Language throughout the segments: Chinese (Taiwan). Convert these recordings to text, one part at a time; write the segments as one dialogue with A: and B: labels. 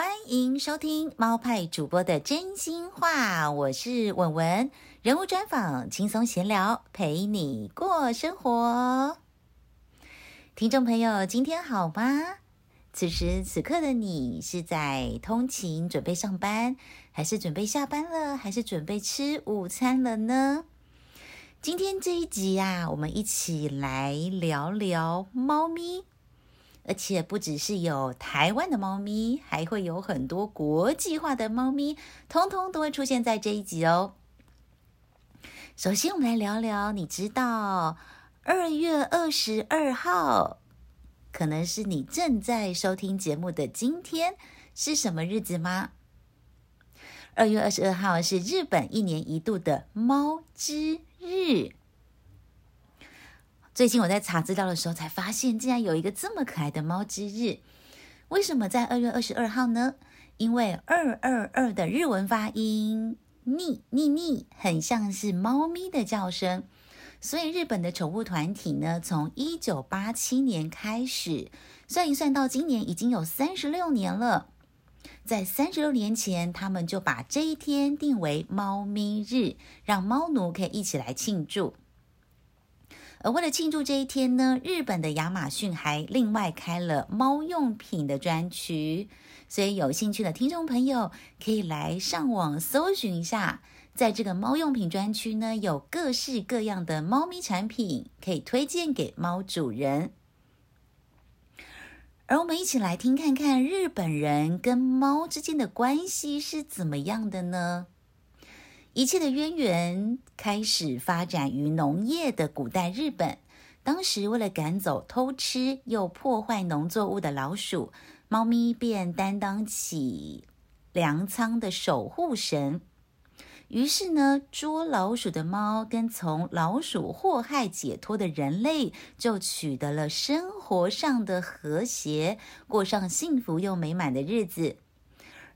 A: 歡迎收聽貓派主播的真心話，我是文文。人物專訪，輕鬆閒聊，陪你過生活。聽眾朋友，今天好嗎？此時此刻的你，是在通勤準備上班，還是準備下班了，還是準備吃午餐了呢？今天這一集呀、啊，我們一起來聊聊貓咪。而且不只是有台灣的貓咪，還會有很多國際化的貓咪，通通都會出現在這一集哦。首先，我們來聊聊，你知道二月二十二號，可能是你正在收聽節目的今天，是什麼日子嗎？二月二十二號是日本一年一度的貓之日。最近我在查資料的時候，才發現竟然有一個這麼可愛的貓之日。為什麼在二月二十二號呢？因為二二二的日文發音“膩膩膩”，很像是貓咪的叫聲，所以日本的寵物團體呢，從一九八七年開始，算一算到今年已經有三十六年了。在三十六年前，他們就把這一天定為貓咪日，讓貓奴可以一起來慶祝。而為了慶祝這一天呢，日本的亞馬遜還另外開了貓用品的專區，所以有興趣的聽眾朋友可以來上網搜尋一下。在這個貓用品專區呢，有各式各樣的貓咪產品可以推薦給貓主人。而我們一起來聽看看日本人跟貓之間的關係是怎麼樣的呢？一切的淵源開始發展於農業的古代日本，當時為了趕走偷吃又破壞農作物的老鼠，貓咪便擔當起糧倉的守護神。於是呢，捉老鼠的貓跟從老鼠禍害解脫的人類就取得了生活上的和諧，過上幸福又美滿的日子。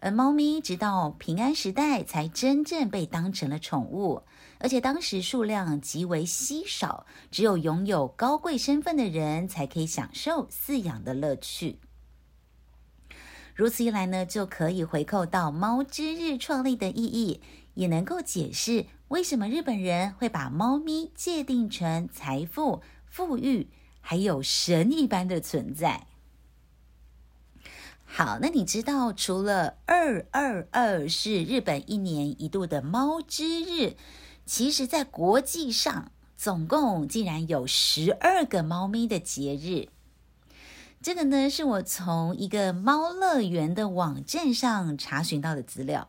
A: 而貓咪直到平安時代才真正被當成了寵物。而且當時數量極為稀少，只有擁有高貴身份的人才可以享受飼養的樂趣。如此一來呢，就可以回扣到貓之日創立的意義，也能夠解釋為什麼日本人會把貓咪界定成財富、富裕，還有神一般的存在。好，那你知道除了二二二是日本一年一度的貓之日，其實，在國際上，總共竟然有十二個貓咪的節日。這個呢，是我從一個貓樂園的網站上查詢到的資料。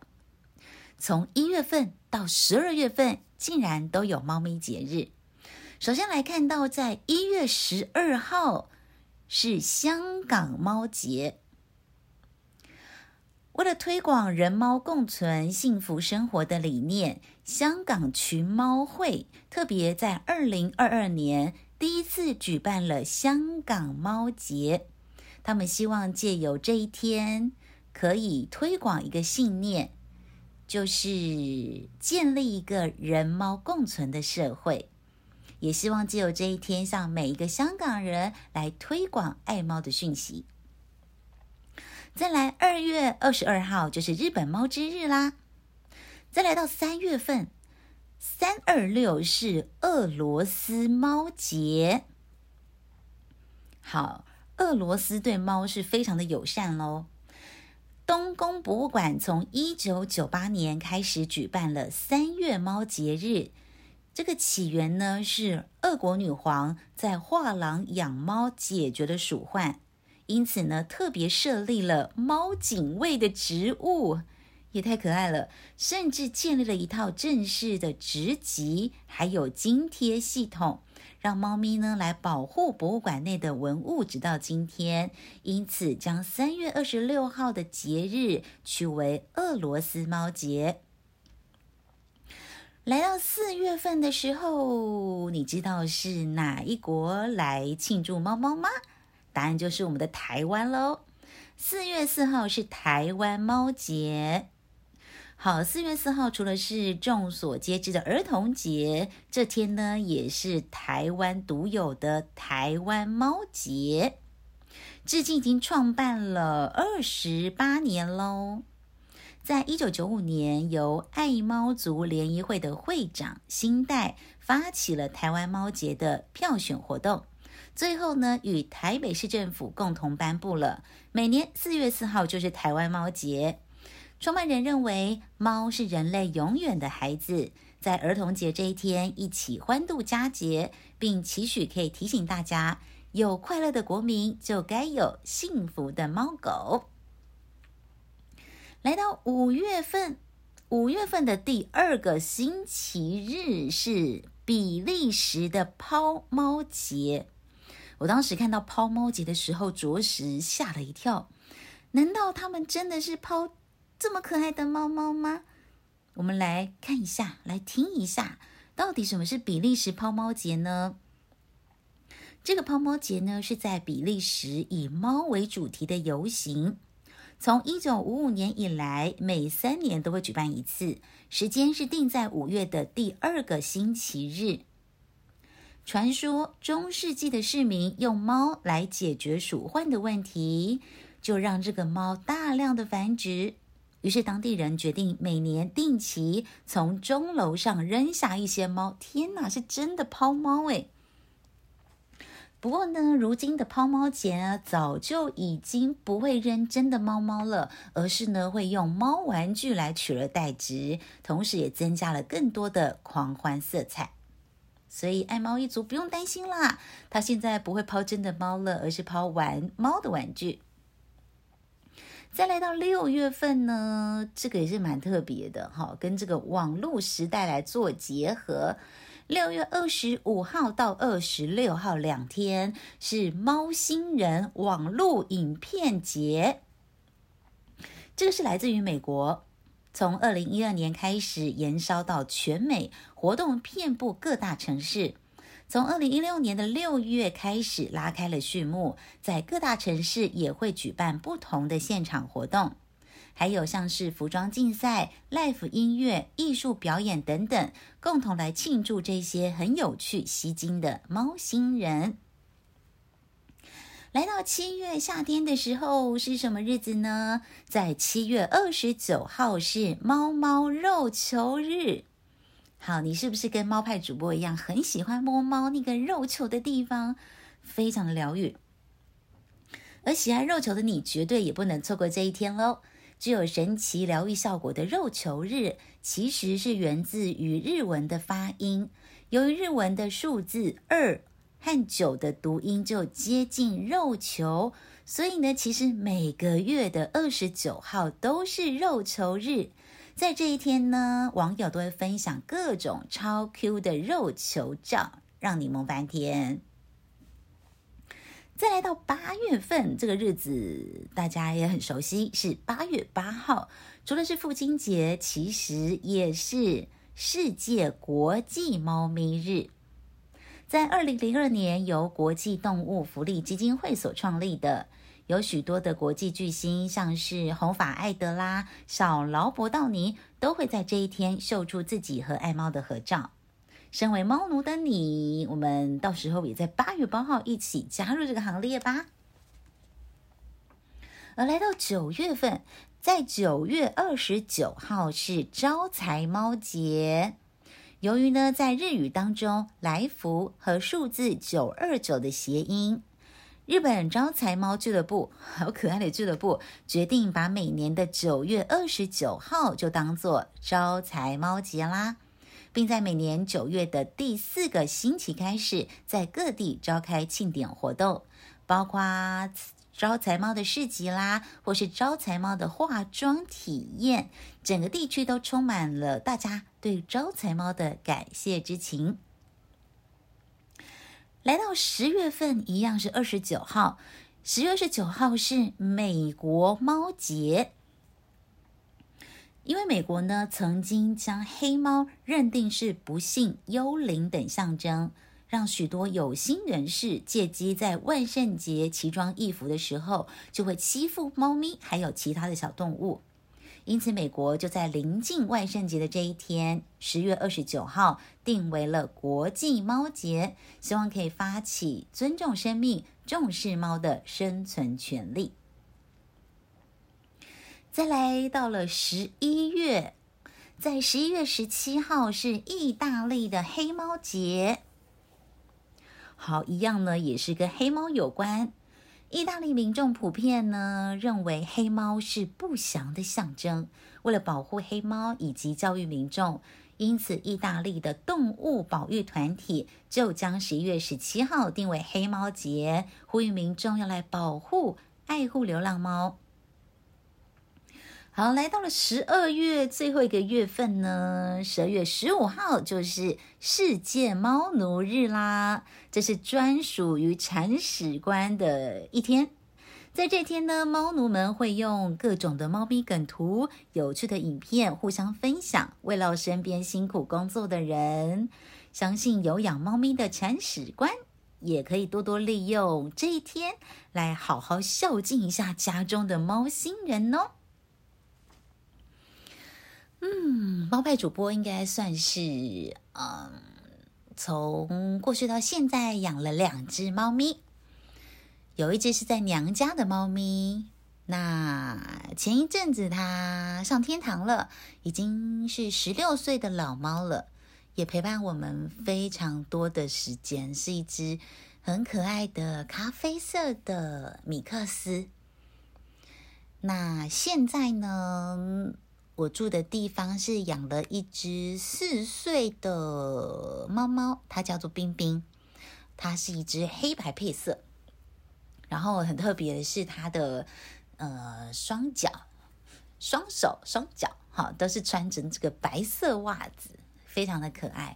A: 從一月份到十二月份，竟然都有貓咪節日。首先來看到在1，在一月十二號是香港貓節，為了推廣人貓共存、幸福生活的理念。香港群貓會特別在二零二二年第一次舉辦了香港貓節，他們希望借由這一天可以推廣一個信念，就是建立一個人貓共存的社會，也希望借由這一天向每一個香港人來推廣愛貓的訊息。再來，二月二十二號就是日本貓之日啦。再來到三月份，三二六是俄羅斯貓節。好，俄羅斯對貓是非常的友善嘍。冬宮博物館從一九九八年開始舉辦了三月貓節日。這個起源呢，是俄國女皇在畫廊養貓解決的鼠患，因此呢，特別設立了貓警衛的職務。也太可愛了，甚至建立了一套正式的職級，還有津貼系統，讓貓咪呢來保護博物館內的文物，直到今天。因此，將三月二十六號的節日取為俄羅斯貓節。來到四月份的時候，你知道是哪一國來慶祝貓貓嗎？答案就是我們的台灣嘍！四月四號是台灣貓節。好，四月四號除了是眾所皆知的兒童節，這天呢也是台灣獨有的台灣貓節。至今已經創辦了二十八年嘍。在一九九五年，由愛貓族聯誼會的會長新代發起了台灣貓節的票選活動，最後呢與台北市政府共同頒布了每年四月四號就是台灣貓節。創辦人認為貓是人類永遠的孩子，在兒童節這一天一起歡度佳節，並期許可以提醒大家：有快樂的國民，就該有幸福的貓狗。來到五月份，五月份的第二個星期日是比利時的拋貓節。我當時看到拋貓節的時候，着實嚇了一跳。難道他們真的是拋？這麼可愛的貓貓嗎？我們來看一下，來聽一下，到底什麼是比利時拋貓節呢？這個拋貓節呢，是在比利時以貓為主題的遊行，從一九五五年以來，每三年都會舉辦一次，時間是定在五月的第二個星期日。傳說中世紀的市民用貓來解決鼠患的問題，就讓這個貓大量的繁殖。於是當地人決定每年定期從鐘樓上扔下一些貓。天哪，是真的拋貓哎！不過呢，如今的拋貓節啊，早就已經不會扔真的貓貓了，而是呢會用貓玩具來取而代之，同時也增加了更多的狂歡色彩。所以愛貓一族不用擔心啦，他現在不會拋真的貓了，而是拋玩貓的玩具。再來到六月份呢，這個也是蠻特別的哈、哦，跟這個網絡時代來做結合。六月二十五號到二十六號兩天是貓星人網絡影片節，這個是來自於美國，從二零一二年開始延燒到全美，活動遍布各大城市。從二零一六年的六月開始拉開了序幕，在各大城市也會舉辦不同的現場活動，還有像是服裝競賽、live 音樂、藝術表演等等，共同來慶祝這些很有趣吸睛的貓星人。來到七月夏天的時候是什麼日子呢？在七月二十九號是貓貓肉球日。好，你是不是跟貓派主播一樣很喜歡摸貓那個肉球的地方，非常的療癒？而喜愛肉球的你，絕對也不能錯過這一天嘍！具有神奇療癒效果的肉球日，其實是源自於日文的發音。由於日文的數字二和九的讀音就接近肉球，所以呢，其實每個月的二十九號都是肉球日。在這一天呢，網友都會分享各種超 Q 的肉球照，讓你萌翻天。再來到八月份這個日子，大家也很熟悉，是八月八號。除了是父親節，其實也是世界國際貓咪日，在二零零二年由國際動物福利基金會所創立的。有許多的國際巨星，像是紅髮艾德拉、小勞勃道尼，都會在這一天秀出自己和愛貓的合照。身為貓奴的你，我們到時候也在八月八號一起加入這個行列吧。而來到九月份，在九月二十九號是招財貓節，由於呢，在日語當中“來福”和數字九二九的諧音。日本招財貓俱樂部，好可愛的俱樂部，決定把每年的九月二十九號就當做招財貓節啦，並在每年九月的第四個星期開始，在各地召開慶典活動，包括招財貓的市集啦，或是招財貓的化妝體驗，整個地區都充滿了大家對招財貓的感謝之情。來到十月份，一樣是二十九號。十月二十九號是美國貓節，因為美國呢曾經將黑貓認定是不幸、幽靈等象徵，讓許多有心人士借機在萬聖節奇裝異服的時候，就會欺負貓咪還有其他的小動物。因此，美國就在臨近萬聖節的這一天，十月二十九號，定為了國際貓節，希望可以發起尊重生命、重視貓的生存權利。再來到了十一月，在十一月十七號是意大利的黑貓節。好，一樣呢，也是跟黑貓有關。意大利民眾普遍呢，認為黑貓是不祥的象徵，為了保護黑貓以及教育民眾，因此意大利的動物保育團體就將十一月十七號定為黑貓節，呼籲民眾要來保護、愛護流浪貓。好，來到了十二月最後一個月份呢，十二月十五號就是世界貓奴日啦。這是專屬於鏟屎官的一天，在這天呢，貓奴們會用各種的貓咪梗圖、有趣的影片互相分享，慰勞身邊辛苦工作的人。相信有養貓咪的鏟屎官，也可以多多利用這一天來好好孝敬一下家中的貓星人哦。嗯，貓派主播應該算是，嗯，從過去到現在養了兩隻貓咪，有一隻是在娘家的貓咪，那前一陣子它上天堂了，已經是十六歲的老貓了，也陪伴我們非常多的時間，是一隻很可愛的咖啡色的米克斯。那現在呢？我住的地方是養了一隻四歲的貓貓，它叫做冰冰，它是一隻黑白配色，然後很特別的是它的呃雙腳、雙手、雙腳，哈，都是穿著這個白色襪子，非常的可愛。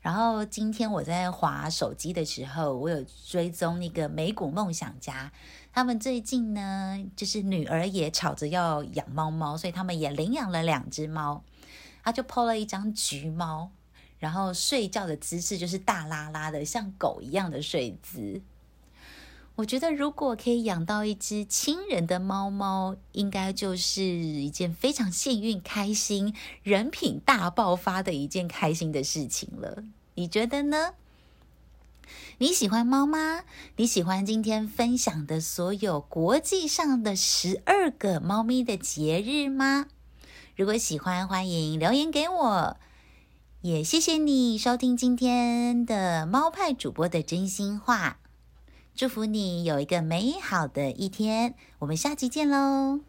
A: 然後今天我在滑手機的時候，我有追蹤那個美股夢想家。他們最近呢，就是女兒也吵着要養貓貓，所以他們也領養了兩只貓。他就 PO 了一張橘貓，然後睡覺的姿勢就是大拉拉的，像狗一樣的睡姿。我覺得如果可以養到一只親人的貓貓，應該就是一件非常幸運、開心、人品大爆發的一件開心的事情了。你覺得呢？你喜歡貓嗎？你喜歡今天分享的所有國際上的十二個貓咪的節日嗎？如果喜歡，歡迎留言給我。也謝謝你收聽今天的貓派主播的真心話。祝福你有一個美好的一天。我們下期見嘍！